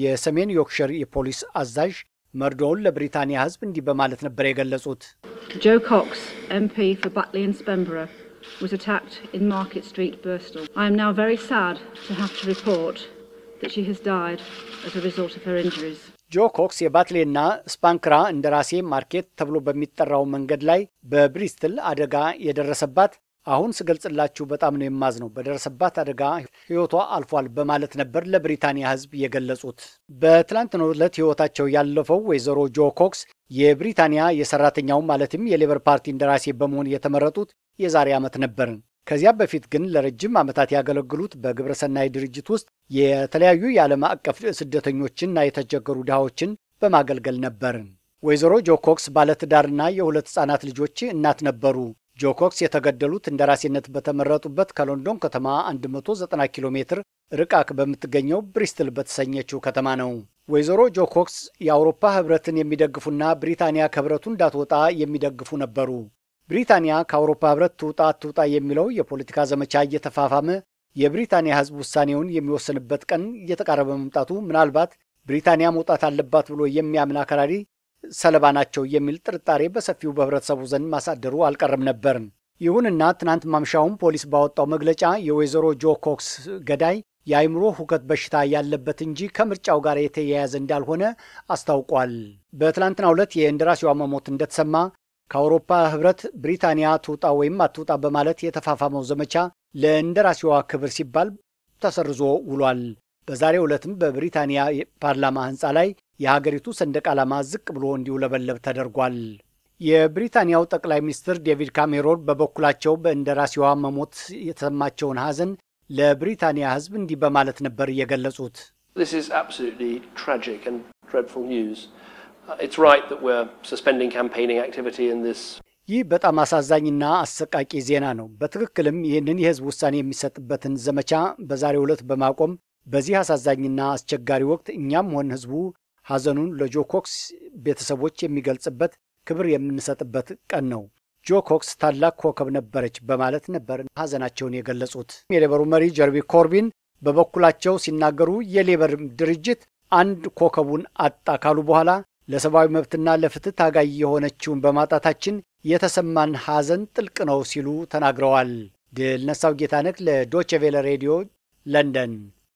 የሰሜን ዮርክሸር የፖሊስ አዛዥ መርዶውን ለብሪታንያ ሕዝብ እንዲህ በማለት ነበር የገለጹት። ጆ ኮክስ ኤምፒ ፎር ባትሊ ኤንድ ስፔንበሮ was attacked in Market Street, Bristol. I am now very ጆ ኮክስ የባትሌና ስፓንክራ እንደራሴ ማርኬት ተብሎ በሚጠራው መንገድ ላይ በብሪስትል አደጋ የደረሰባት አሁን ስገልጽላችሁ በጣም ነው የማዝ ነው በደረሰባት አደጋ ህይወቷ አልፏል በማለት ነበር ለብሪታንያ ህዝብ የገለጹት። በትላንትናው ዕለት ህይወታቸው ያለፈው ወይዘሮ ጆ ኮክስ የብሪታንያ የሰራተኛው ማለትም የሌበር ፓርቲ እንደራሴ በመሆን የተመረጡት የዛሬ ዓመት ነበር። ከዚያ በፊት ግን ለረጅም ዓመታት ያገለግሉት በግብረሰናይ ድርጅት ውስጥ የተለያዩ የዓለም አቀፍ ስደተኞችና የተቸገሩ ድሃዎችን በማገልገል ነበር። ወይዘሮ ጆ ኮክስ ባለትዳርና የሁለት ሕፃናት ልጆች እናት ነበሩ። ጆኮክስ የተገደሉት እንደራሴነት በተመረጡበት ከሎንዶን ከተማ 190 ኪሎ ሜትር ርቃቅ በምትገኘው ብሪስትል በተሰኘችው ከተማ ነው። ወይዘሮ ጆኮክስ የአውሮፓ ህብረትን የሚደግፉና ብሪታንያ ከህብረቱ እንዳትወጣ የሚደግፉ ነበሩ። ብሪታንያ ከአውሮፓ ህብረት ትውጣ አትውጣ የሚለው የፖለቲካ ዘመቻ እየተፋፋመ የብሪታንያ ህዝብ ውሳኔውን የሚወስንበት ቀን እየተቃረበ መምጣቱ ምናልባት ብሪታንያ መውጣት አለባት ብሎ የሚያምን አከራሪ። ሰለባ ናቸው የሚል ጥርጣሬ በሰፊው በህብረተሰቡ ዘንድ ማሳደሩ አልቀረም ነበር። ይሁንና ትናንት ማምሻውን ፖሊስ ባወጣው መግለጫ የወይዘሮ ጆ ኮክስ ገዳይ የአይምሮ ሁከት በሽታ ያለበት እንጂ ከምርጫው ጋር የተያያዘ እንዳልሆነ አስታውቋል። በትላንትናው ዕለት የእንደራሴዋ መሞት እንደተሰማ ከአውሮፓ ህብረት ብሪታንያ ትውጣ ወይም አትውጣ በማለት የተፋፋመው ዘመቻ ለእንደራሴዋ ክብር ሲባል ተሰርዞ ውሏል። በዛሬ ዕለትም በብሪታንያ ፓርላማ ህንፃ ላይ የሀገሪቱ ሰንደቅ ዓላማ ዝቅ ብሎ እንዲውለበለብ ተደርጓል። የብሪታንያው ጠቅላይ ሚኒስትር ዴቪድ ካሜሮን በበኩላቸው በእንደራሴዋ መሞት የተሰማቸውን ሐዘን ለብሪታንያ ህዝብ እንዲህ በማለት ነበር የገለጹት። ይህ በጣም አሳዛኝና አሰቃቂ ዜና ነው። በትክክልም ይህንን የህዝብ ውሳኔ የሚሰጥበትን ዘመቻ በዛሬው ዕለት በማቆም በዚህ አሳዛኝና አስቸጋሪ ወቅት እኛም ሆን ህዝቡ ሐዘኑን ለጆ ኮክስ ቤተሰቦች የሚገልጽበት ክብር የምንሰጥበት ቀን ነው። ጆ ኮክስ ታላቅ ኮከብ ነበረች በማለት ነበር ሐዘናቸውን የገለጹት። የሌበሩ መሪ ጀርቢ ኮርቢን በበኩላቸው ሲናገሩ የሌበር ድርጅት አንድ ኮከቡን አጣ ካሉ በኋላ ለሰብአዊ መብትና ለፍትህ ታጋይ የሆነችውን በማጣታችን የተሰማን ሐዘን ጥልቅ ነው ሲሉ ተናግረዋል። ድል ነሳው ጌታነክ ለዶቼ ቬለ ሬዲዮ ለንደን